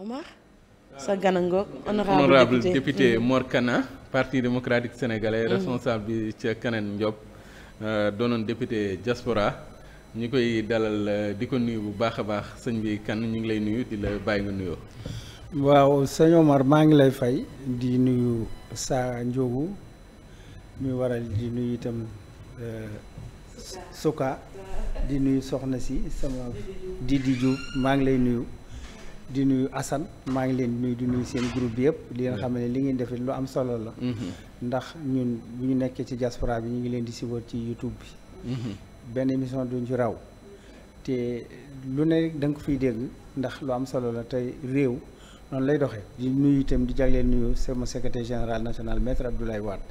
Omar sa ganangoog honorable député mm. Mor Kana parti démocratique sénégalais mm. responsable bi ca Kaneen Ndiop euh, doonoon député diaspora ñu koy dalal euh, di ko nuyu bu baax a baax sëñ bi kan ñu ngi lay nuyu di la bàyyi nga nuyoo waaw sëñ Omar maa ngi lay fay di nuyu sa Ndiogu muy waral di nuyu itam euh, Soka di nuyu soxna si sama Didi Diouf maa ngi lay nuyu di nuyu Assane maa ngi leen di nuyu di seen groupe bi yëpp di leen xam ne li ngeen def lu am solo la. Mm-hmm. ndax ñun bu ñu nekkee ci diaspora bi ñu ngi leen di siiwal ci YouTube bi. Mm-hmm. benn émission duñ ci raw te lu ne da ko fiy dégg ndax lu am solo la tey réew noonu lay doxee. di nuyu itam di jagleel nuyu sama secrétaire général national maître Abdoulaye Wade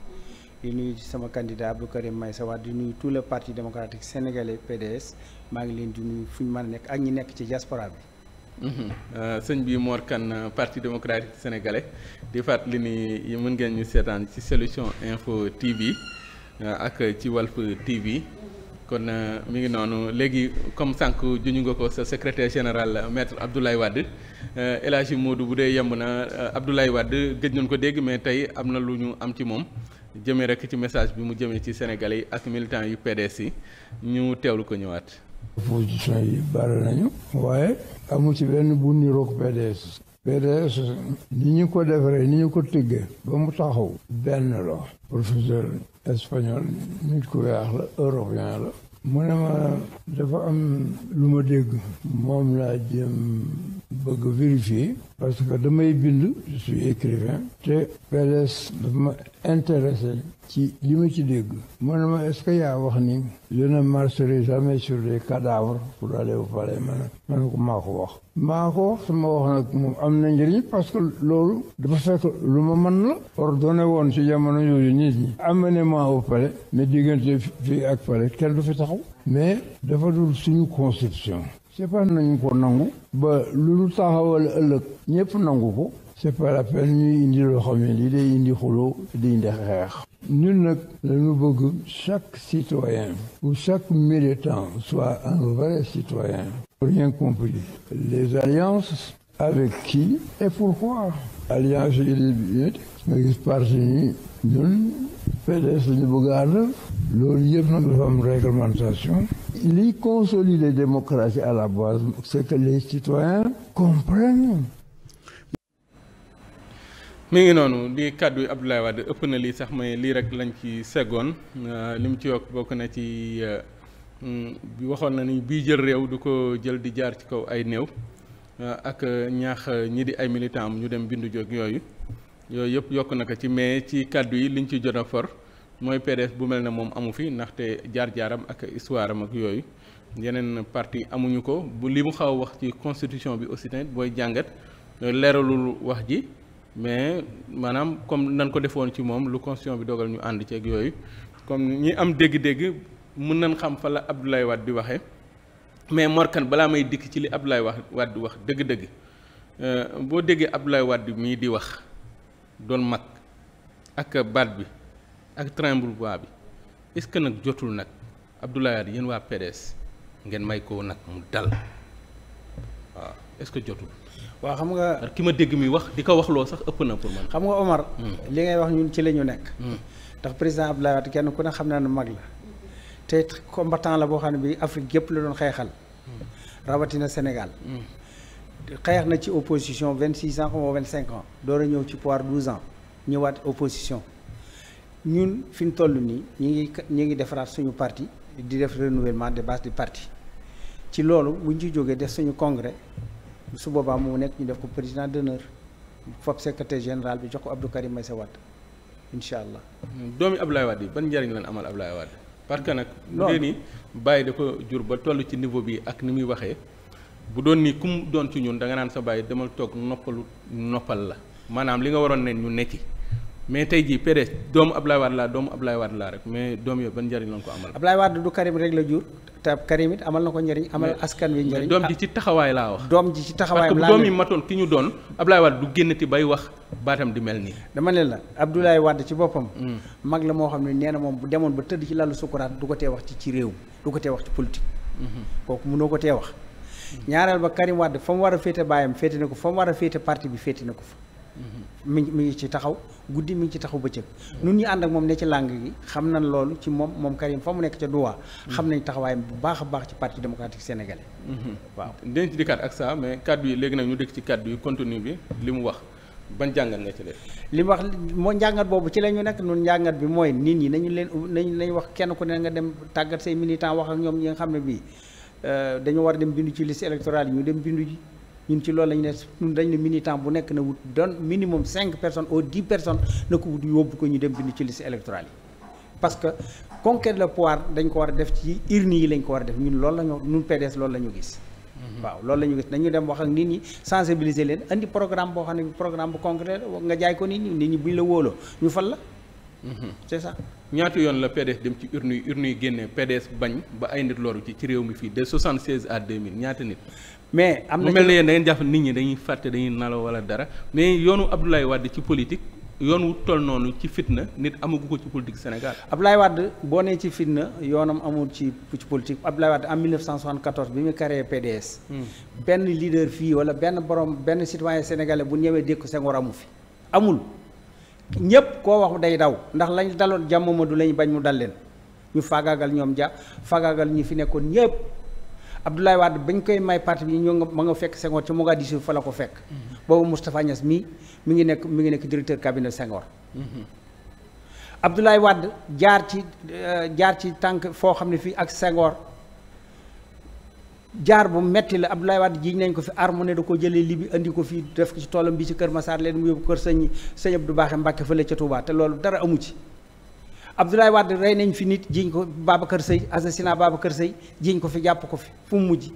di nuyu sama candidat Abdou Karim Meïssa Wade di nuyu tout le parti démocratique sénégalais PDS maa ngi leen di fu ñu mën nekk ak ñi nekk ci diaspora bi. Euh, sëñ bi Mor Kane parti démocratique sénégalais di fàttali ni mën ngeen ñu seetaan ci solution info TV euh, ak ci Walf TV kon euh, mu ngi noonu léegi comme sànq juñu nga ko sa secretaire général maître Abdoulaye wadd El Hadji bu dee yemb na Abdoulaye wadd gëj nañ ko dégg mais tey am na lu ñu am ci moom jëmee rek ci message bi mu jëmee ci Sénégalais yi ak militants yu PDS yi ñu teewlu ko ñëwaat. opposition yi bari nañu waaye. amul ci benn bu niroog PDS PDS ni ñu ko defaree ni ñu ko tëggee ba mu taxaw benn la professeur espagnol nit ku weex la européen la mu ne ma dafa am lu ma dégg moom laa jëm bëgg vérifier parce que damay bind je suis te PDS dafa ma intéressé ci li ma ci dégg mu ma est ce que yaa wax ni je ne marcherai jamais sur des cadavres pour aller au palais ma ne ma ne ko wax maa ko wax sama wax nag moom am na njëriñ parce que loolu dafa fekk lu ma mën la ordonné woon ci jamono yooyu nit ñi amenez-moi au palais mais diggante fii ak palais kenn du fi taxaw mais dafa dul suñu conception c'est pas nañu ko nangu ba lu ñu taxawal ëllëg ñëpp nangu ko c'est pas la peine ñuy indi loo xam ne lii day indi xuloo di indi xeex ñun nag lañu bëgg chaque citoyen ou chaque militant soit un vrai citoyen. rien compris. les alliances avec qui et pourquoi. alliance yi di nga gis parti yi ñun PDS lañu bëgg a ànd loolu yëpp nag dafa am réglementation. li consolider démocratie à la base c'est que les citoyens comprennent. mi ngi noonu di kàddu Abdoulaye Wade ëpp na lii sax may lii rek lañ ci seggoon euh, li mu ci yokk bokk na ci euh, waxoon na ni bii jël réew du ko jël di jaar ci kaw ay néew euh, ak ñaax ñi di ay militant am ñu dem bindu jóg yooyu yooyu yëpp yokk na ko ci mais ci kàddu yi liñ ci jot a for mooy PDS bu mel ne moom amu fi ndaxte jaar-jaaram ak histoire am ak yooyu yeneen partie amuñu ko bu li mu xaw a wax ci constitution bi aussi tamit booy jàngat leeralul wax ji. mais maanaam comme nan ko defoon ci moom lu constitution bi dogal ñu ànd ceeg yooyu comme ñi am dégg-dégg mën nañ xam fa la Abdoulaye waat di waxee mais Morkan balaa may dikk ci li Abdoulaye wax Wade di wax dëgg-dëgg euh, boo déggee Abdoulaye Wade mii di wax doon mag ak baat bi ak tremblement bi est-ce que nag jotul nag Abdoulaye Wade yéen waa PDS ngeen may ko nag mu dal waaw. est-ce que jotul. waaw xam nga ki ma dégg muy wax di ko wax loo sax ëpp na pour man. xam nga Omar. Hmm. li ngay wax ñun ci la ñu nekk. Hmm. ndax président Abdoulaye Wade kenn ku ne xam naa ne mag la te combattant la boo xam ne bi Afrique yëpp la doon xeexal. Hmm. rawatina Sénégal. xeex na ci opposition vingt six ans ou vingt cinq ans door a ñëw ci pouvoir douze ans ñëwaat opposition ñun fi ñu toll nii ñu ngi ñu ngi defaraat suñu parti di def renouvellement de base du parti ci loolu bu ñu ci def suñu congrès su boobaa mu nekk ñu def ko président d'honneur fab secrétaire général bi jox ko Abdou Karim Meïssa Wade incha allah. Hmm, doomi Abdoulaye Wade yi ban njëriñ lañ amal Abdoulaye Wade parce que nag. non bu bàyyi da ko jur ba toll ci niveau bi ak ni muy waxee bu doon ni ku mu doon ci ñun da nga naan sa bàyyi demal toog noppalu noppal la maanaam li nga waroon ne ñu nekki. mais tey jii PDS doomu Ablaye Wade laa doomu Ablaye Wade laa rek mais doom yooyu ba njëriñ lañ ko amal. Ablaye Wade du Karim rek la jur te Karim it amal na ko njëriñ amal askan wi njëriñ. doom ji ci taxawaay laa wax. doom ji ci taxawaayam laa parce que doom yi matoon ki ñu doon Ablaye Wade du génnati bay wax baatam di mel nii. dama ne la Abdoulaye Wade ci boppam. Hmm. mag la moo xam ne nee na moom bu demoon ba tëdd ci lalu sukuraat du ko tee wax ci ci réew du ko tee wax ci politique. Hmm. kooku mënoo ko tee wax. Hmm. ñaareel ba Karim Wade fa war a féete baayam féete na ko fa war a féete parti bi féete na ko mi mi ngi ci taxaw guddi mi ci taxaw bëccëg nun ñu ànd ak moom ne ci làng gi xam na loolu ci moom moom Karim fa mu nekk ca Douala. xam nañ taxawaay bu baax a baax ci parti démocratique sénégalais. waaw dinañ ci dikkaat ak saa mais kàddu yi léegi nag ñu dëkk ci kàddu yi contenu bi li mu wax ban jàngat nga ci def. li mu wax moo njàngat boobu ci la ñu nekk nun njàngat bi mooy nit ñi nañu leen nañu nañu wax kenn ku ne nga dem tàggat say militant wax ak ñoom ñi nga xam ne bii euh, dañoo war a dem ci liste électorale yi dem bindu ji. ñun ci loolu lañu ne ñun dañ ne militant nekk na wut doon minimum cinq personnes ou dix personnes na ko ko ñu dem bind ci liste électorale yi parce que conquête dañ ko war def ci urne yi lañ ko war a def ñun loolu la ñu ñun PDS loolu la ñu gis mhm. waaw loolu ñu gis dañu dem wax ak nit ñi sensibiliser leen andi programme boo xam ne programme bu concret nga jaay ko nit ñi nit ñi buñ la wóoloo ñu fal la mhm. c'est ça ñaata yoon la PDS dem ci urne yi urne yi génne PDS bañ ba ay nit loru ci ci réew mi fii de 76 à 2000 ñaata nit mais am na lu mel ne yéen da jàpp nit ñi dañuy fàtte dañuy nalaw wala dara mais yoonu Abdoulaye Wade ci politique yoon wu toll noonu ci fitna nit amagu ko ci politique Sénégal. Abdoulaye Wade boo nee ci fitna yoonam amul ci ci politique Abdoulaye Wade en 1974 bi mu créé PDS. Hmm. benn leader fii wala benn borom benn citoyen sénégalais bu ñëwee dékku Senghor amu fi amul. ñëpp koo wax day daw ndax lañ daloon jàmmuma du lañu bañ mu dal leen ñu faagaagal ñoom ja fagaagal ñi fi nekkoon ñëpp. Abdoulaye Wade bañ koy may parti bi ñoo ma nga fekk Senghor ci Mogadishu fa la ko fekk. boobu Moustapha Niass mii mi ngi nekk mi ngi nekk directeur cabinet Senghor. Abdoulaye wadd jaar ci euh, jaar ci tànk foo xam ne fii ak Senghor jaar bu metti la Abdoulaye Wade jiiñ nañ ko fi arme ne da ko jëlee Libi andi ko fii def ko ci toolam bi ci Kër Massar leen mu yóbbu kër sëñ sëñ Abdou Baaxe Mbàkke fële ca Touba te loolu dara amu ci. Abdoulaye Wade rey nañ fi nit jiñ ko Babacar Seye assassinat Babacar Seye jiñ ko fi jàpp ko fi fu mujj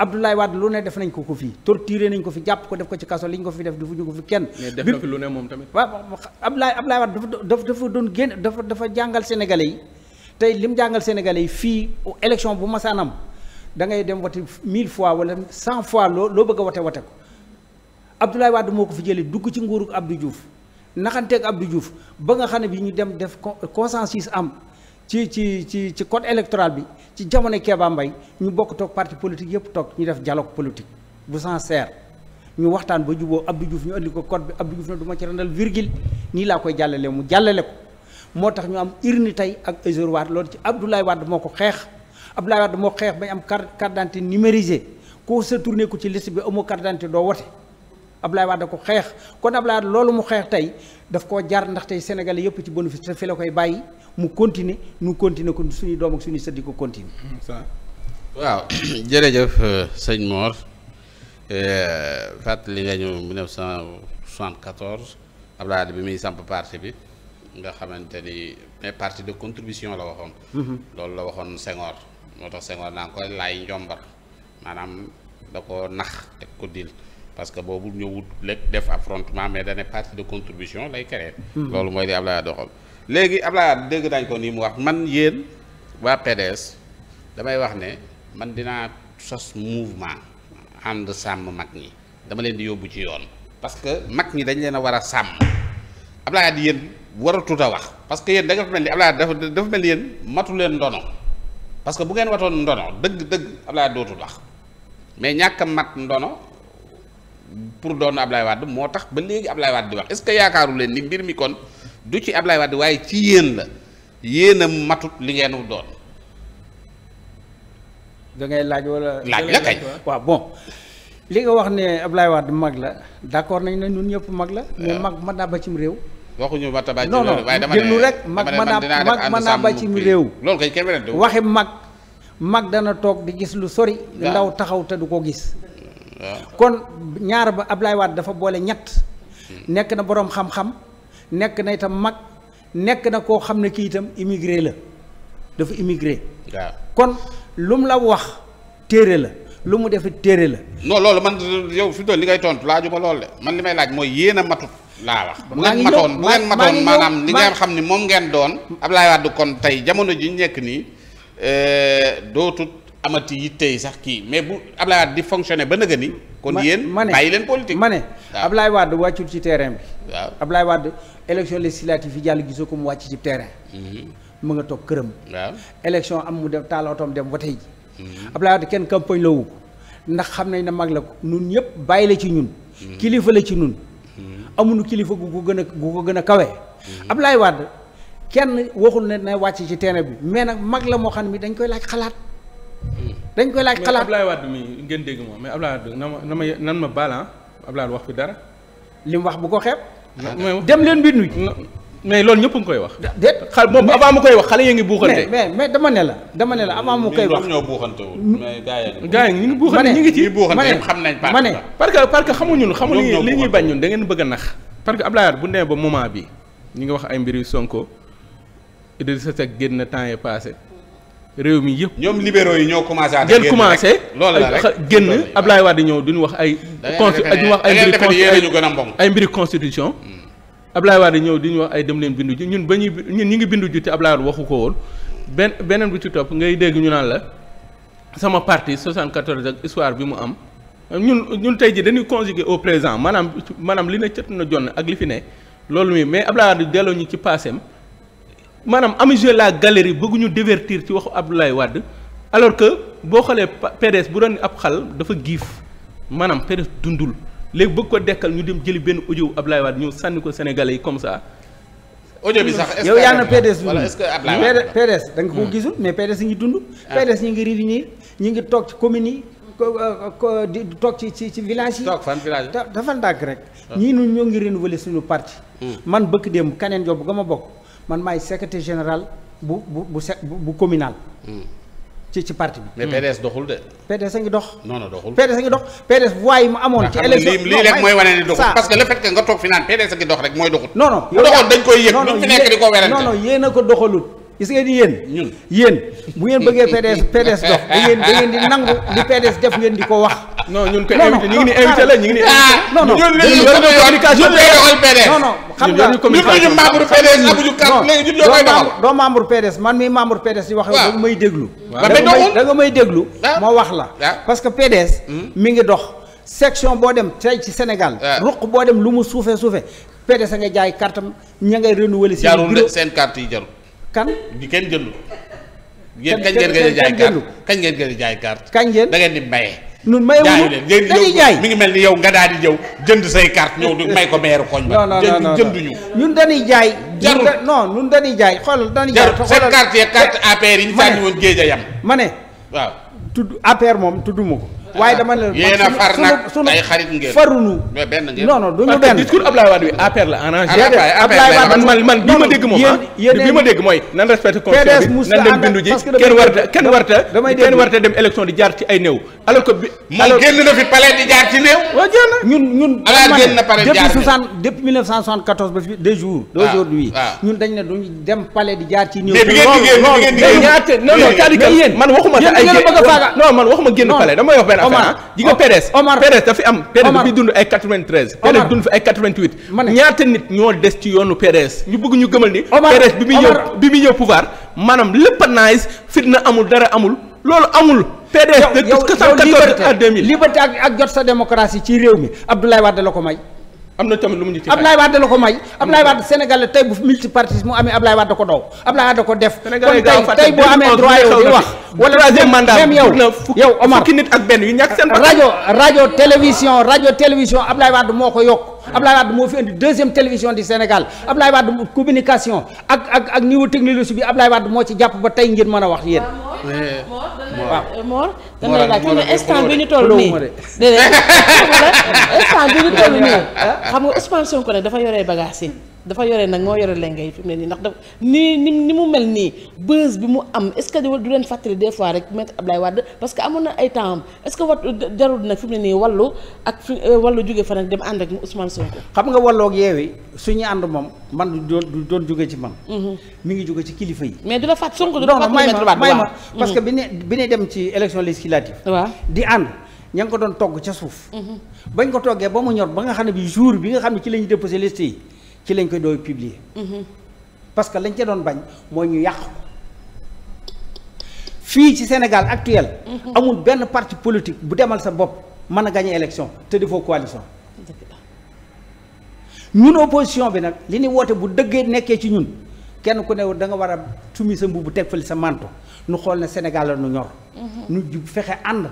Abdoulaye Wade lu ne def nañ ko ko fii torturé nañ ko fi jàpp ko def ko ci kaso liñ ko fi def defuñu ko fi kenn. mais def na fi lu ne moom tamit. waaw Abdoulaye Abdoulaye Wade dafa doon génn dafa dafa jàngal sénégalais yi tey lim jàngal sénégalais yi fii élection bu masaanam da ngay dem wote mille fois wala cent fois loo loo bëgg a wote wote ko Abdoulaye Wade moo ko fi jëlee dugg ci nguuru Abdou Diouf. naxanteeg Abdou Diouf ba nga xam ne bi ñu dem def consensus am ci ci ci ci code électoral bi ci jamono Kéba mbay ñu bokk toog parti politique yëpp toog ñu def ko politique bu sincère ñu waxtaan ba juboo Abdou Diouf ñu andi ko code bi Abdou Diouf ne du ci rendal virgule nii laa koy jàllale mu jàllale ko moo tax ñu am urne tey ak isoloir loolu ci Abdoulaye Wade moo ko xeex Abdoulaye Wade moo ko xeex bañ am carte carte d'identité numérisée koo sa tourné ko ci liste bi amoo carte Abdoulaye Wade da ko xeex kon Abdoulaye Wade loolu mu xeex tey daf koo jar ndax tey sénégalais yëpp ci bénéfice te fi la koy bàyyi mu continuer nu continuer ko suñu doom ak suñuy sët di ko continuer waaw jërëjëf euh, sëñ Mor euh, fàttali nga ñu 1974 Abdoulaye bi muy samp parti bi nga xamante ni mais parti de contribution la waxoon. Mhm. loolu la waxoon Senghor moo tax Senghor naa ko laay njombar maanaam da ko nax teg ko dil parce que boobu ñëwut lekk def affrontement mais dane partie de contribution lay créer hmm. loolu mooy li Ablaye doxal léegi Ablaye dégg dañ ko nii mu wax man yéen waa PDS damay wax ne man dinaa sos mouvement ànd sàmm mag ñi dama leen di yóbbu ci yoon parce que mag ñi dañ leen a war a sàmm Ablaye di yéen waratut a wax parce que yéen da nga fa mel ni Ablaye dafa dafa mel ni yéen matu leen ndono parce que bu ngeen watoon ndono dëgg dëgg Ablaye dootul wax mais ñàkk a mat pour doon Ablaye Wade moo tax ba léegi Ablaye Wade di wax est-ce que yaakaaru leen ni mbir mi kon du ci Ablaye Wade waaye ci yéen la yéen a matut li ngeen doon. da ngay laaj wala. laaj la kay waaw bon li nga wax ne Ablaye Wade mag la d'accord nañ ne ñun ñëpp mag la. mais mag mën naa ba cim réew. waxuñu ba tabaaj non non déglu rek mag mën naa mag mën naa ba cim réew. loolu kay waxi mag mag dana toog di gis lu sori. ndaw taxaw te du ko gis. kon ñaar ba Ablaye Wade dafa boole ñett nekk na boroom xam-xam nekk na itam mag nekk na koo xam ne kii itam immigré la dafa immigré waaw kon lu mu la wax téere la lu mu def téere la non loolu man yow fi doon li ngay tontu laaju ma loolu de man li may laaj mooy yéen a matut laa wax maa ngeen matoon bu li xam ni moom ngeen doon Ablaye Wade kon tey jamono ji ñu nekk nii euh, dootut amati tey sax kii mais bu Ablaye Wade di fonctionner ba nëgë ni. kon yéen ma bàyyi leen politique ma ne ma ne Ablaye wàccul ci terrain bi. waaw Ablaye Wade élection législative yi jàll gisoo ko mu wàcc ci terrain. Mhm. mu nga toog këram. waaw élection am mu dem taalootoom dem wote ji. Mhm. Ablaye Wade kenn campagne la wu ko ndax xam nañ ne mag la ko ñun ñëpp bàyyi la ci ñun. Mhm. kilifa la ci ñun. amuñu kilifa gu ko gën a gu ko gën a kawe. Ablaye Wade kenn waxul ne wàcc ci terrain bi mais nag mag la moo xam ne dañ koy laaj xalaat. dañ koy laaj xalaat mais Ablaye Wade mi ngeen dégg moom mais Ablaye ah, wax fi dara. li mu wax bu ko xeeb. dem leen bi nuy mais loolu ñëpp ngi koy wax. déet xal moom avant mu wax xale ya mais mais dama ne la dama ne la avant mu koy wax. ñoo yi ñu ngi buuxante ñu ngi ci buuxante xam nañ ma ne parce que parce que xamuñu xamuñu li ñuy bañ ñun da bëgg a nax parce que Ablaye Wade bu demee ba moment bi ñu ngi wax ay mbir yu Sonko Idrissa Seck génn temps yi passé réew mi yëpp. ñoom libéraux yi ñoo commencé. à ngeen commencé loolu la rek génn Ablaye Wade ñëw duñu wax ay. consti duñu wax ay mbiri ay mbiri constitution. Mm. Ablaye Wade ñëw di ñu wax ay dem leen bindu ji ñun ba ñuy ñun ñu ngi bindu ji te Ablaye Wade waxu ko woon benn beneen bu ci topp ngay dégg ñu naan la sama parti 74 ak histoire bi mu am ñun ñun tey ji dañuy conjuguer au présent maanaam maanaam li ne cët na jonn ak li fi ne loolu mi mais Ablaye Wade delloo ñu ci passé am maanaam amuser la galerie bëgguñu divertir ci waxu Abdoulaye Wade alors que boo xoolee PDS bu doon ab xal dafa giif maanaam PDS dundul léegi bëgg ko dekkal ñu dem jëli benn ab lay Wade ñëw sànni ko sénégal yi comme sa audio bi sax yow yaa na PDS dund PDS da nga koo hmm. gisul mais PDS ngi dund. Ah. PDS ñu ngi réunir ñi ngi toog ci communes yi. ko euh, di toog ci ci ci village yi. toog fan village dafa ndàkk rek. Ah. ñii nu ñoo ngi renouveler suñu parti. Hmm. man bëgg dem kaneen job ga ma bokk. man maay secrétaire général bu bu bu bu communal. Hmm. ci ci parti bi. mais PDS doxul de. PDS a ngi dox. non doxul PDS a ngi dox PDS voix yi mu amoon. ci élection lii lii mooy wane ni doxul. parce que le fait que nga toog fi naan a ngi dox rek mooy doxul. non yow doxoon dañ koy yëg. ko doxalut. gis nga ngeen yéen ñun yéen bu ngeen bëggee PDS PDS dox da di nangu li PDS def ngeen di ko wax non ñun ko invité ñu ngi ni invité la ñu ngi ni non non xam nga ñun membre doo membre PDS man mi membre PDS di wax yow da nga may déglu da may déglu ah. moo wax la ah. parce que PDS hmm? mi ngi dox section boo dem tey ci Sénégal ah. ruq boo dem lu mu suufe suufe PDS a nga jaay carte am ña ngay renouveler seen carte yi jarul kan di kenn jëndu yéen kañ ngeen gën a jaay carte kañ ngeen gën jaay carte kañ ngeen da ngeen di maye nun mayewuñu dañuy jaay mi ngi mel ni yow nga daal di jëw jënd say carte ñëw di may ko meeru koñ ba jënduñu ñun dañuy jaay jarul non ñun dañuy jaay xoolal dañuy jaay seen carte ya carte APR yi ñu sànni woon géej a yam ma ne waaw tudd APR moom tudduma ko waaye dama ne yéen a far nag ay xarit ngeen farunu benn ngeen non non duñu benn discours Ablaye Wade bi APR la arrangé Ablaye Wade man man bi ma dégg moom ah, bi ma dégg mooy nan respecté constitution bi nan dem bindu ji kenn warta kenn warta kenn warta dem élection di jaar ci ay néew alors que bi moom génn na fi palais di jaar ci néew waaw jël ñun ñun ala génn na palais jaar depuis depuis 1974 ba fi deux jours d'aujourd'hui ah, ah. ñun dañ ne duñu dem palais di jaar ci néew non non man waxuma non man waxuma génn palais dama wax affaire affaire ji nga PDS PDS dafi am PDS dafi dund ay 93 PDS dund fi ay 88 ñaata nit ñoo des ci yoonu PDS ñu bëgg ñu gëmal ni PDS bi muy ñëw bi muy ñëw pouvoir nice fitna amul dara amul loolu amul PDS de 74 à 2000 liberté ak ak jot sa démocratie ci réew mi Abdoulaye Wade la ko may am na tamit lu mu la ko may Ablaye Wade Sénégal la tey bu multipartisme mu amee Ablaye Wade ko daw Ablaye Wade ko def kon tey tey boo amee droit yow di wax wala troisième mandat même yow yow rajo rajo télévision rajo télévision Ablaye Wade moo ko yokk Ablaye Wade moo fi indi deuxième télévision du Sénégal Ablaye Wade communication ak ak ak niveau technologie bi Ablaye Wade moo ci jàpp ba tey ngeen mën a wax yéen waaw Mor dama lay laaj fi mu instant bi ñu toll nii déedéet instant bi ñu toll nii xam nga Ousmane ko ne dafa yore bagage yi dafa yore nag moo yore lenge yi fi ne nii ndax dafa ni ni ni mu mel nii buzz bi mu am est du leen fàttali des fois rek maître Ablaye Wade parce que amoon na ay temps est ce que wat jarul nag fi mu ne nii wallu ak fi euh, wallu jóge fa nag dem ànd ak Ousmane Sonko. xam nga walloog yeewi suñu ànd moom man du doon doon jóge ci man. Mhm. mi ngi jóge ci kilifa yi. mais du la fàtt Sonko du la fàtt may ma mhm. parce que bi ne bi ne dem ci élection législative. waaw di ànd. doon togg ca suuf. Mhm. ko toggee ba mu nga xam ne bi jour bi ci lañ koy doon publier. Mhm. parce que lañ ca doon bañ mooy ñu yàq ko fii ci Sénégal actuel. Mhm. amul benn parti politique bu demal sa bopp mën a gagné élection te defoo coalition. ñun opposition bi nag li ni woote bu dëggee nekkee ci ñun kenn ku newul da nga war a sumi sa mbubb teg li sa manto nu xool ne Sénégal la nu ñor. Mhm. nu fexe ànd.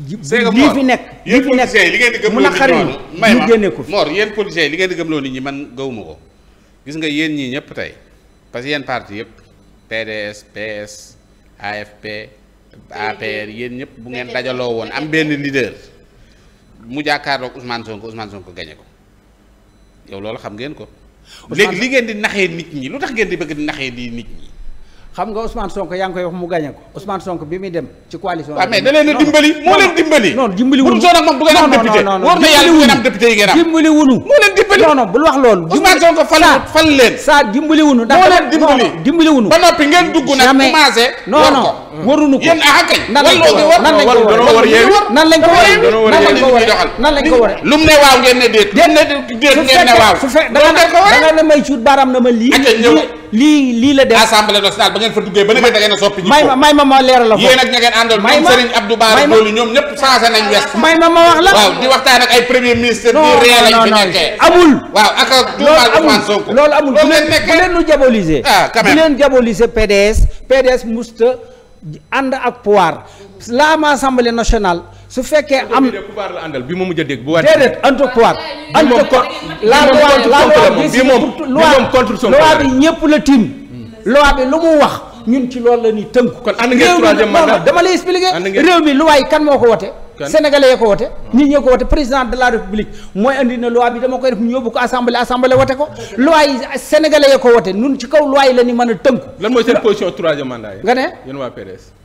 lii fi nekk lii fi li ngeen di mun a xarit may ma génne ko Mor yéen politiciens yi li ngeen di gëmloo nit ñi man gawuma ko gis nga yéen ñii ñëpp tey parce que yéen parti yëpp PDS PS AFP APR yéen ñëpp bu ngeen dajaloo woon am benn leader mu jàkkaarloog Ousmane Sonko Ousmane Sonko gañe ko yow loolu xam ngeen ko li li ngeen di naxee nit ñi lu tax ngeen di bëgg di naxee di nit ñi xam nga Ousmane Sonko yaa ngi koy wax mu gagné ko Ousmane Sonko bi muy dem ci coalition. waaw mais da leen a dimbali moo leen dimbali. non dimbali wunu bu doon am bu ngeen am député war na yàlla ngeen am député yi ngeen am dimbali wunu. moo leen dimbali non non bul wax loolu. Ousmane Sonko fal fal leen. saa dimbali wunu. moo leen dimbali dimbali wunu. ba noppi ngeen dugg nag commencé. non non mm. waruñu ko yéen ah kay. nan lañ ko war nan lañ ko war nan lañ ko war nan lañ ko war lu mu ne waaw ngeen ne déet. déet ngeen ne waaw. da nga ne may cuut baaraam na ma lii lii lii la def assemblée nationale ba ngeen fa duggee ba ngeen da ngeen a soppi may ma may ma ma leeral la ko yéen ak ña ngeen àndoon ñoom Serigne Abdou Bara Dolly ñoom may ma ma wax la waaw di waxtaan ak ay premier ministre di ree lañ fi amul waaw ak tuumaal Ousmane Sonko loolu amul bu leen nu diaboliser ah quand même bu leen diaboliser PDS PDS musta ànd ak pouvoir la assemblée nationale su fekkee am àndal bi ma mujj a dégg bu wàññi. déedéet antu pouvoir. antu ko la loi bi moom contre Sonko bi ñëpp la tiim. loi bi lu mu wax ñun ci loolu la ñuy tënku. kon ànd ngeen troisième mandat dama lay expliquer réew mi loi yi kan moo ko wote sénégalais yee ko wote nit ñee ko wote président de la république mooy indi na loi bi dama koy def ñu yóbbu ko assemblée assemblée wote ko loi yi sénégalais yee ko wote nun ci kaw loi yi la ñu mën a tënku lan mooy seen position troisième mandat yi nga ne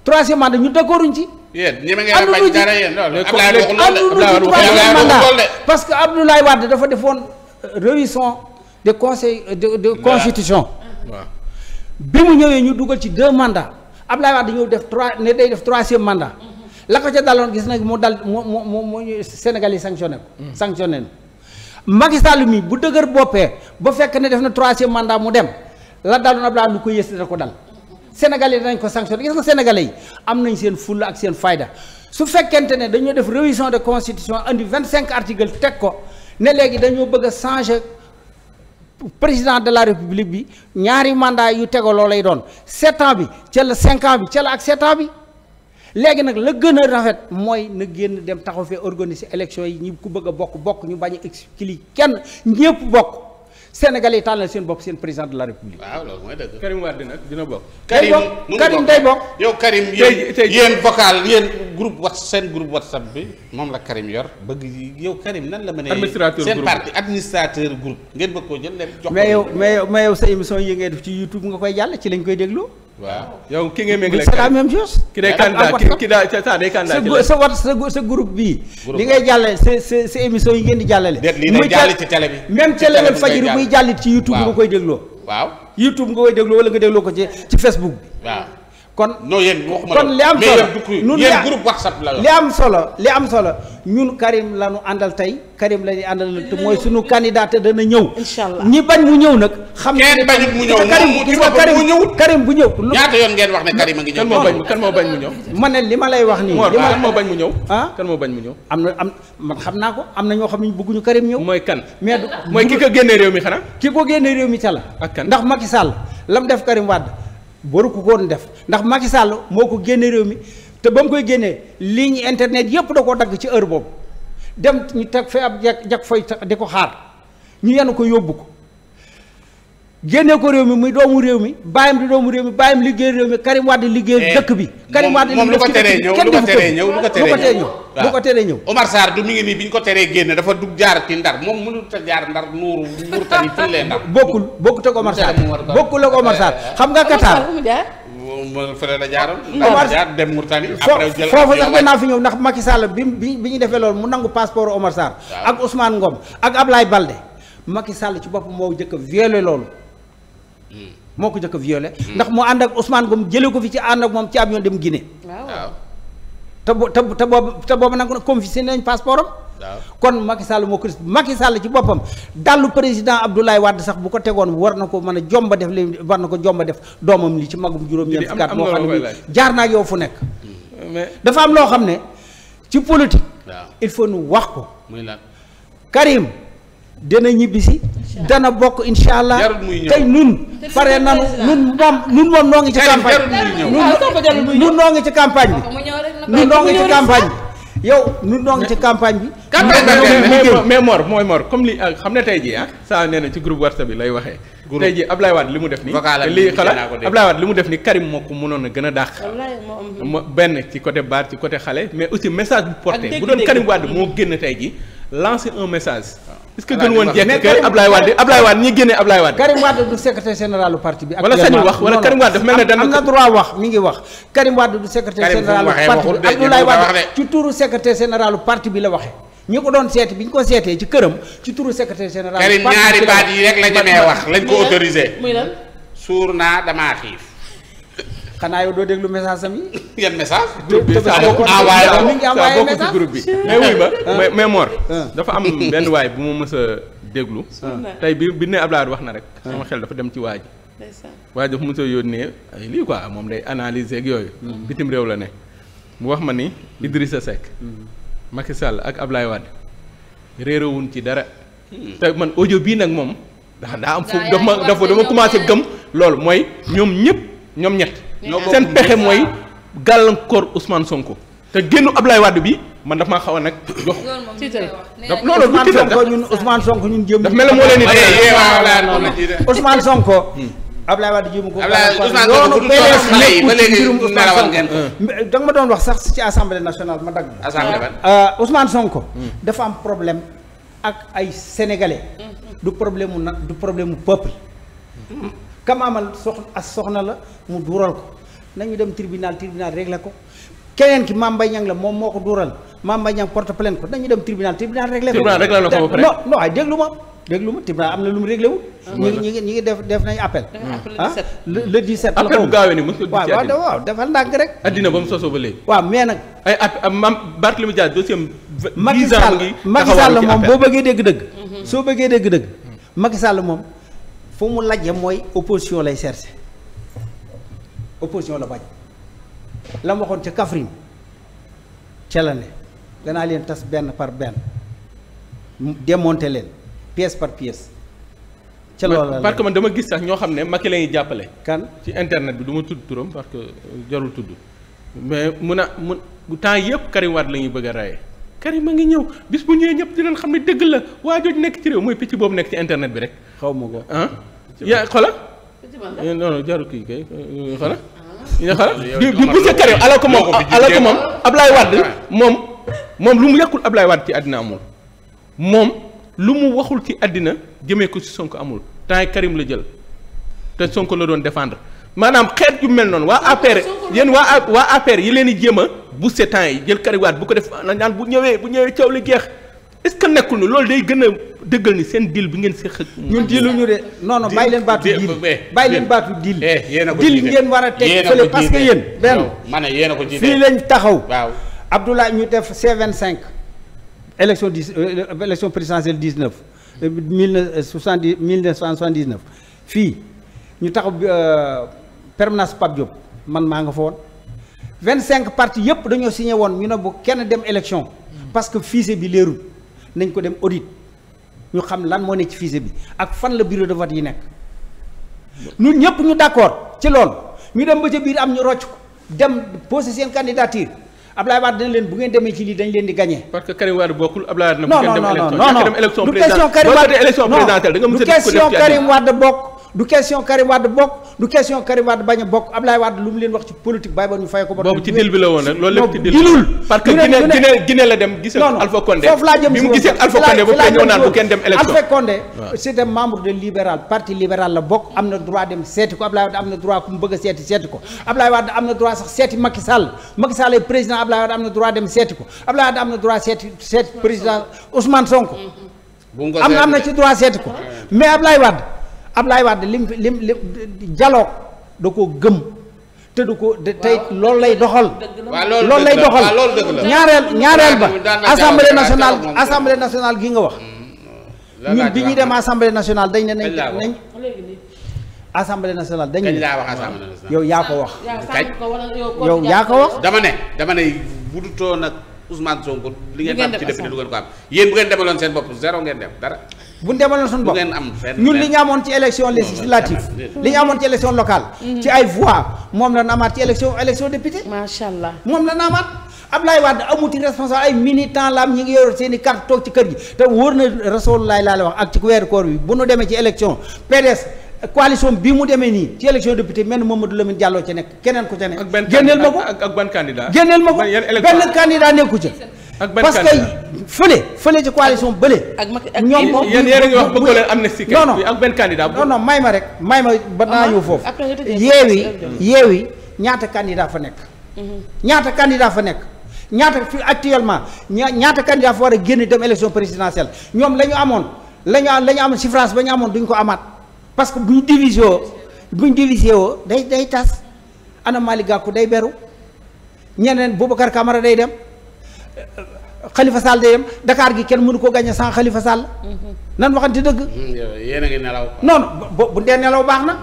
troisième mandat ñu d'accorduñ ci anduñu ci anduñu ci troisième mandat parce dafa defoon euh, révision des conseils euh, de de constitution bi mu ñëwee ñu dugal ci deux mandats Abdoulaye Wade dañoo def trois ne day def troisième mandat la ko ca daloon gis nag mu dal mu mu mu Sénégal yi sanctionné ko. Mm. sanctionné na Macky Sall mi bu dëgër boppee ba fekk ne def na troisième mandat mu dem la daloon Abdoulaye lu ko yées dina ko dal. Sénégal yi danañ ko sanctionné gis nga sénégalais yi am nañ seen fulla ak seen fayda su fekkente ne dañoo def révision de constitution indi vingt cinq articles teg ko ne léegi dañoo bëgg a changer. président de la république bi ñaari mandat yu tegaloo lay doon sept bi ca la cinq ans bi léegi nag la gën a rafet mooy na génn dem taxaw fee organise élection yi ñi ku bëgg a bokk bokk ñu bañ a expliquer kenn ñëpp bokk Sénégal yi tànnal seen bopp seen président de la république. waaw loolu mooy dëgg. Karim Wade nag dina bokk. Karim Karim day bokk. yow Karim yéen yéen vocal yéen groupe wat seen groupe whatsapp bi moom la Karim yor bëgg yow Karim nan la mën a. administrateur groupe seen parti administrateur groupe. ngeen bëgg koo jël leen jox mais yow mais yow mais yow sa émission yi ngay def ci nga koy jàll ci lañ koy déglu. waaw yow ki ngay méngale. c'est la même chose. ki day candidat ki ki daa sa wat sa sa groupe li ngay jàllale sa sa sa émission yi ngeen di jàllale. déet lii day jàll ci télé bi. même télé bi fajiru muy jàllit ci YouTube nga koy dégloo. waaw YouTube nga koy dégloo wala nga dégloo ko ci ci Facebook bi. kon non yéen kon li am solo yéen groupe whatsapp li am solo li am solo ñun Karim la ñu àndal tey Karim la ñuy àndal te mooy suñu candidat dana ñëw. incha allah ñi bañ mu ñëw nag. xam ne kenn bañut mu ñëw moom Karim bu ñëw. ñaata yoon ngeen wax ne Karim a ngi ñëw. moo bañ kan moo bañ mu ñëw. ma li ma lay wax nii. li ma kan moo bañ mu ñëw. Ah? kan moo bañ mu ñëw. am na am man xam naa ko am na ñoo xam ne ñu bëgguñu Karim ñëw. mooy kan mais mooy ki ko génnee réew mi xanaa. ki ko génnee réew mi ca la. ak kan ndax Macky Sall lam def Karim Wade waru ko woon def ndax Macky moo ko génne réew mi te ba mu koy génnee lii ligne internet yëpp da koo dagg ci heure boobu dem ñu teg fi ab jak jak fay di ko xaar ñu yenu ko yóbbu ko génne ko réew mi muy doomu réew mi bàyyam di doomu réew mi bàyyam liggéey réew mi Karim Wade liggéey eh, dëkk bi Karim Wade moom lu ko teree ñëw lu ko teree ñëw lu ko teree ñëw lu ko teree ñëw Omar Sarr ko teree génn dafa dug jaar ci ndar a jaar ndar nuuru nuuru tamit fii lay ndar bokkul bokkut ak Omar Sarr bokkul ak Omar Sarr eh, eh, naa fi ñëw ndax Macky Sall bi bi bi ñu defee loolu mu nangu passeport Omar Sarr. ak Ousmane Ngom ak Ablaye Balde Macky Sall ci bopp moo jëkk a violé loolu. Hmm. moo ko jëkk a violé hmm. ndax moo ànd ak Ousmane Gom jëlee ko fi ci ànd ak moom ci avion dem Guinée. waaw te bo te te boobu te boobu nag confisqué nañ passeport am. kon Macky Sall moo ko Macky Sall ci boppam dallu président Abdoulaye Wade sax bu ko tegoon war na ko man a jomba def li war na ko jomba def doomam li ci magum juróom-ñeent fukki at moo xam ne jaar naa yow fu nekk. Hmm. dafa am loo xam ne ci politique. il faut nu wax ko. Karim. dana ñibbisi dana bokk incha allah tey nun pare nanu nun moom nun moom noo ngi ci campagne nun noo ci campagne bi nun noo ngi ci campagne bi yow nun noo ngi ci campagne bi mais Mor mooy Mor comme li ah, xam ne tey ji ah saa nee na ci groupe WhatsApp bi lay waxee tey ji Ablaye Wade li mu def ni lii xala Ablaye Wade li mu def ni Karim moo ko mënoon a gën a dàq benn ci coté baar ci côté xale mais aussi message bu porté bu doon Karim Wade moo génn tey ji lancer un message est que gën woon jekk que Ablaye Wade Ablaye Wade ñi génne Ablaye Wade Karim Wade du secrétaire général parti bi wala sañu wax am na droit wax mi ngi wax Karim Wade du secrétaire général parti bi la waxee ñi ko doon seeti bi ñu ko seetee ci këram ci turu secrétaire général Karim ñaari baat yi rek la ñemee wax lañ ko autorisé xanaa yow doo déglu message am yi. yan message. groupe bi envoyé ko mi ngi envoyé message groupe bi mais wuy ba ah. mais mais Mor. Ah. dafa am benn waay bu ma mës a déglu. Ah. tey bi bi ne Abdoulaye wax na rek. sama xel dafa dem ci waa ji. waaye dafa mos a yónnee ay lii quoi moom day analyser ak yooyu. Mm-hmm. bitim réew la ne. mu wax ma ni mm-hmm. Idrissa Seck. Mm-hmm. Macky Sall ak Ablaye Wade réerewuñ ci dara. Hmm. te man audio bii nag moom. ndax daa am foofu dafa dafa dama commencé gëm. loolu mooy ñoom ñëpp ñoom ñett. seen pexe mooy gàllankoor Ousmane Sonko. te génnu Ablaye Wade bi man dafa maa xaw a nag jox. loolu bu tiital Ousmane Sonko ñun Ousmane Sonko ñun jëm. daf mel ne moo leen di dee Ousmane Sonko. Hmm. Ablaye Wade jéem ko. Ablaye Ousmane Sonko bu dul ba ngeen hmm. da nga ma doon wax sax ci assemblée nationale ma dagg. assemblée hmm. ba euh, Ousmane Sonko. dafa am problème ak ay sénégalais. du problème mu nag du problème mu peuple. kam amal sox as soxna la mu duural ko nañu dem tribunal tribunal réglé ko keneen ki Mame Mbaye Niang la moom moo ko duural Mame Mbaye Niang porte plainte ko nañu dem tribunal tribunal réglé ko non non ay déglu ma déglu ma tribunal am na lu mu réglé wul ah. ñi ngi ñi ngi ñi ngi def def nañu appel ah le 17 la appel bu gaawee ni monsieur waaw waaw waaw defal ndànk rek addina ba mu sosoo ba léegi waaw mais nag ay app mam Barthélémy Dias dossier am Macky Sall mhm. Macky Sall moom boo bëggee dégg dëgg soo bëggee dégg dëgg Macky Sall moom fu mu lajje mooy opposition lay cherché opposition la bañ la ma waxoon ca Kaffrine ca la ne danaa leen tas benn par benn démonter leen pièce par pièce. ca loolu la parce que man dama gis sax ñoo xam ne Macky la ñuy jàppale. kan ci internet bi duma tudd turam parce que jarul tudd mais mun a mun temps yëpp Karim Wade la ñuy bëgg a raye Karim a ngi ñëw bis bu ñëwee ñëpp dinañ xam ne dëgg la waa jooju nekk ci réew mooy picc boobu nekk ci internet bi rek. xaw ma ko ah. yaa xola eh, non non jaru kii kay xola ñu xola bi Karim alors que moom alors que moom Ablaye moom moom lu mu yàqul Ablaye Wade ci àddina amul moom lu mu waxul ci àddina jëmee ko ci Sonko amul temps Karim la jël te Sonko la doon défendre. maanaam xeet yu mel noonu waa APR yéen waa waa APR yi leen di jéem a bu temps yi jël Karim Wade bu ko def naan bu ñëwee bu ñëwee coow li geex est-ce que nekkul ni loolu day gën a dëggal ni seen deal bi ngeen si xëj. ñun diilu ñu de non non bàyyi leen baatu diil eh, bàyyi leen baatu diil. Eh, diil ngeen war a teg fële que yéen. benn ma ne yéen a ko jiite fii lañ taxaw. waaw ñu def C25. élection dix euh, élection présidentielle 19 euh, mille neuf soixante dix mille neuf cent soixante dix ñu taxaw. Euh, permanence Pape Diop man maa nga fa woon vingt cinq partis yëpp dañoo signé woon ñu ne bu kenn dem élection parce que fichier bi leerul nañ ko dem audit ñu xam lan moo ne ci fichier bi ak fan la bureau de vote yi nekk ñun ñëpp ñu d'accord ci loolu ñu dem ba biir am ñu rocc ko dem posé seen candidature Ablaye Wade dina leen bu ngeen demee ci lii dañ leen di gagné. parce que Karim Wade bokkul Ablaye du question Karim Wade bokk du question Karim Wade bañ a bokk Ablaye Wade lu mu leen wax ci politique bàyyi ba ñu fay ko. ba boobu ci dil bi la woon rek loolu lépp ci dil dilul. parti libéral la bokk am na droit dem seeti ko Ablaye Wade am na droit ku mu bëgg a seeti seeti ko Ablaye Wade am na droit sax seeti Macky Sall Macky Sall est président Ablaye Wade am na ko am na droit seeti seeti président Ousmane mm-hmm. am na ci droit seeti ko mais Ablaye Wade Ablaye Wade lim lim lim dialogue da koo gëm te du ko tey loolu lay doxal. loolu lay doxal ñaareel ñaareel ba. assemblée nationale assemblée nationale gi nga wax. Mm. ñun bi ñu dem assemblée nationale dañ ne nañ nañ. assemblée nationale dañ ne yow yaa ko wax. yow yaa ko wax. dama ne dama ne budutoo nag Ousmane Sonko li ngeen am ci député du ngeen ko am yéen bu ngeen demaloon seen bopp zéro ngeen dem dara. bu ñu demaloon suñu bopp ñun li ñu amoon ci élection législative li ñu amoon ci élection locale mm-hmm. ci ay voix moom la ñu amaat ci élection élection député moom la ñu amaat Ablaye Wade amuti responsable ay militant la am ñi ngi yor seen i carte ci kër gi te wóor na Rasulullah laa la wax ak ci weeru koor bi bu ñu demee ci élection PDS coalition bi mu demee nii ci élection député mel Mamadou Lamine Diallo ca nekk keneen ku ca nekk génneel ma ko ak benn parce que fële fële ci coalition bële. ak ma ak ñoom moom yéen yéen a ngi wax bëgg leen amnistie non non ak benn candidat may ma rek may ma ba naa ñëw foofu. yeewi yeewi ñaata candidat fa nekk. Mhm. ñaata candidat fa nekk. ñaata fi actuellement ña ñaata candidat fa war a génn dem élection présidentielle ñoom la ñu amoon la ñu la ñu amoon suffrage amoon duñ ko amaat parce que bu ñu divisé woo bu ñu day day tas ana Malick Gakou day beru ñeneen Boubacar Camara day dem. Khalifa Sall de yem Dakar gi kenn mënu ko gagné sans Khalifa Sall. nan waxante dëgg. yéen a ngi nelaw. non non bu dee nelaw baax na.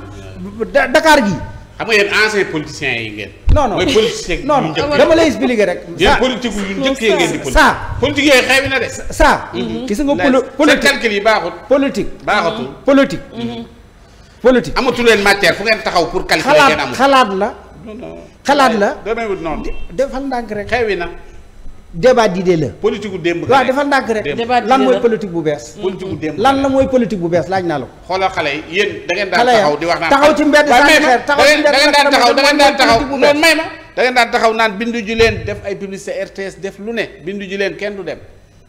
Dakar gi. xam nga yéen ancien politiciens yi ngeen. non non mooy politicien non non dama lay expliquer rek. yéen politique yu njëkk yi ngeen di. saa mhm. yi baaxut. politique baaxatul mhm. politique. Mhm. politique amatu leen matière fu ngeen taxaw pour. calculer ngeen amul xalaat xalaat la. xalaat la. demewul noonu defal ndànk rek xeewi na. débat d'idée la. politique gu démb. waaw dafa ndànk rek. lan mooy politique bu bees. Hmm. politique gu démb lan la mooy politique bu bees laaj naa la ko. xoolal xale yi yéen da ngeen daan taxaw di wax naan taxaw ci mbedd. waaye ma da ngeen daan taxaw da ngeen daan taxaw noonu may ma. naan bindu leen def ay publicité RTS def lu ne bindu ji leen kenn du dem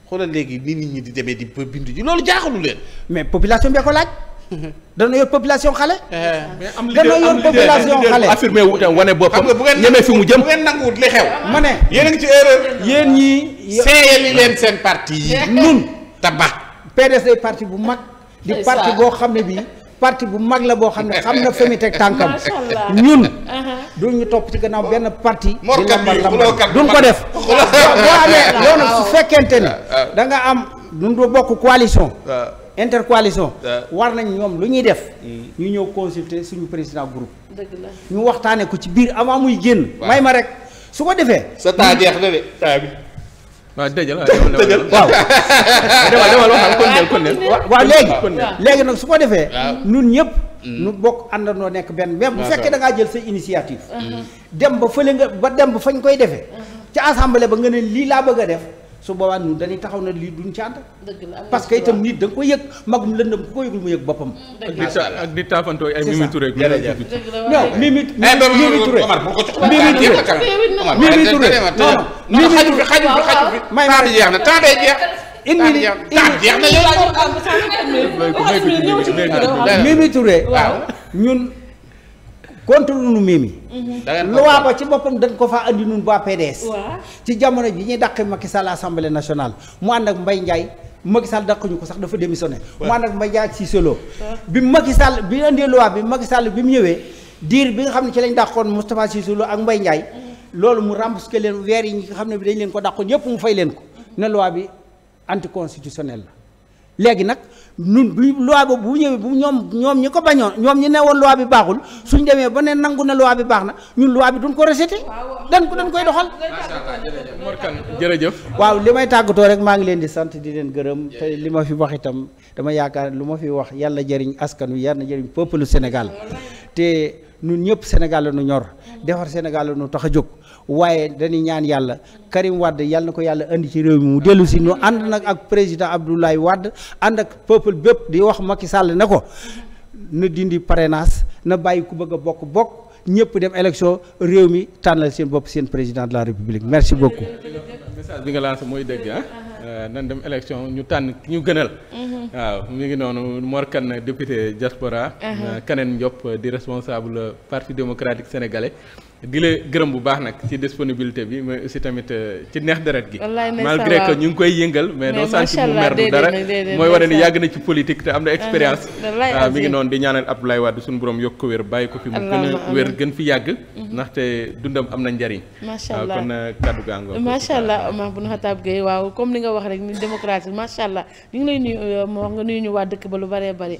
xoolal léegi ni nit ñi di demee di bindu ji loolu jaaxalu leen. mais population bee ko laaj. dana yor population xale. Eh, mais am leader dana yor population xale. affirmé wu itam wane boppam ñeme fi mu jëm. bu ngeen nanguwut li xew. ma ne yéen a ngi ci erreur. yéen ñii. seeyali leen seen parti yi. Eh, ñun tabax. PDS day parti bu mag. di parti boo xam ne bii. parti bu mag la boo xam ne xam na fa mu teg tànkam ñun uh-huh. du ñu topp ci gannaaw benn parti di lambar lambar duñ ko def boo amee loolu su fekkente ne danga nga am duñ bokk coalition uh-huh. intercoalition. Euh. war nañ ñoom lu ñuy def. Mm. ñu ñëw consulter suñu président groupe. dëgg ñu waxtaanee ko ci biir avant muy génn. may ma rek su ko defee. sa taa jeex na de taa bi. waaw dëjël waaw demal demal waxal kon nel kon nel waaw léegi léegi nag su ko defee nun ñëpp nu mm. bokk noo nekk benn mais bu fekkee dangaa jël sa initiative uh-huh. dem ba fële nga ba dem ba fañ koy defee uh-huh. ca assemblée ba nga ne lii laa bëgg a def su boobaa ñun dañuy taxaw na lii duñ ci ànd parce que itam nit da nga koy yëg magum lëndëm ku ko yëgul mu yëg boppam ak di taafantoo jeex na temps jeex une minute jeex na Mimi Touré ñun contre nu mimi mhm. loi ba ci boppam dañ ko faa andi nun waa PDS ci jamono ji ñuy dàq Macky Sall assemblée nationale mu ànd ak Mbaye Ndiaye Macky Sall dàquñu ko sax dafa démissionné mu ànd ak Mbaye Ndiaye ak Cissé Lo bi Macky Sall bi indee loi bi Macky Sall bi mu ñëwee diir bi nga xam ne ci lañ dàqoon Moustapha Cissé Lo ak mbay Ndiaye mhm. loolu mu remboursé leen weer yi nga xam ne bi dañ leen ko dàqoon yëpp mu fay leen ko mhm. ne loi bi anticonstitutionnelle la léegi nag nun bu loi boobu bu ñëwee bu ñoom ñoom ñi ko bañoon ñoom ñi ne woon loi bi baaxul suñ demee ba ne nangu na loi bi baax na ñun loi bi duñ ko rejeté dan ko dañ koy doxal waaw li may tàggatoo rek maa ngi leen di sant di leen gërëm te li ma fi wax itam dama yaakaar lu ma fi wax yàlla jëriñ askan wi yàlla jëriñ peuple Sénégal te ñun ñëpp Sénégal la ñor defar Sénégal la tax a jóg waaye dañuy ñaan yàlla Karim Wade yàlla na ko yàlla indi ci réew mi mu dellu si ñu ànd nag ak président Abdoulaye Wade ànd ak peuple bépp di wax Macky sàll na ko na dindi parrainage na bàyyi ku bëgg a bokk bokk ñëpp dem élection réew mi tànn seen bopp seen président de la république merci beaucoup. message bi nga lancé Euh, nan dem élection ñu tànn ki ñu gënal. Mhm. waaw mi ngi noonu Mor Kane député diaspora. Mhm. Euh, Kaneen Diop di responsable parti démocratique sénégalais. di gërëm bu baax nag ci disponibilité bi mais aussi tamit euh, ci neex deret gi. malgré que ñu ngi koy yëngal. mais doo sànci mu mooy wane ni yàgg na ci politique am na expérience. waaw ah, mi ngi noonu di ñaanal Abdoulaye Wade suñu borom yokk ko wér bàyyi ko fi mu gën a wér gën fi yàgg. Mhm. ndaxte dundam am na njariñ. macha allah ah, kon euh, kaddu gàngoo. macha allah Omar Boun Khatab Gueye waaw comme li nga wax rek ni démocratie macha allah ñu ngi lay nuyu euh, moo nga nuyu waa dëkk ba lu bëree bëri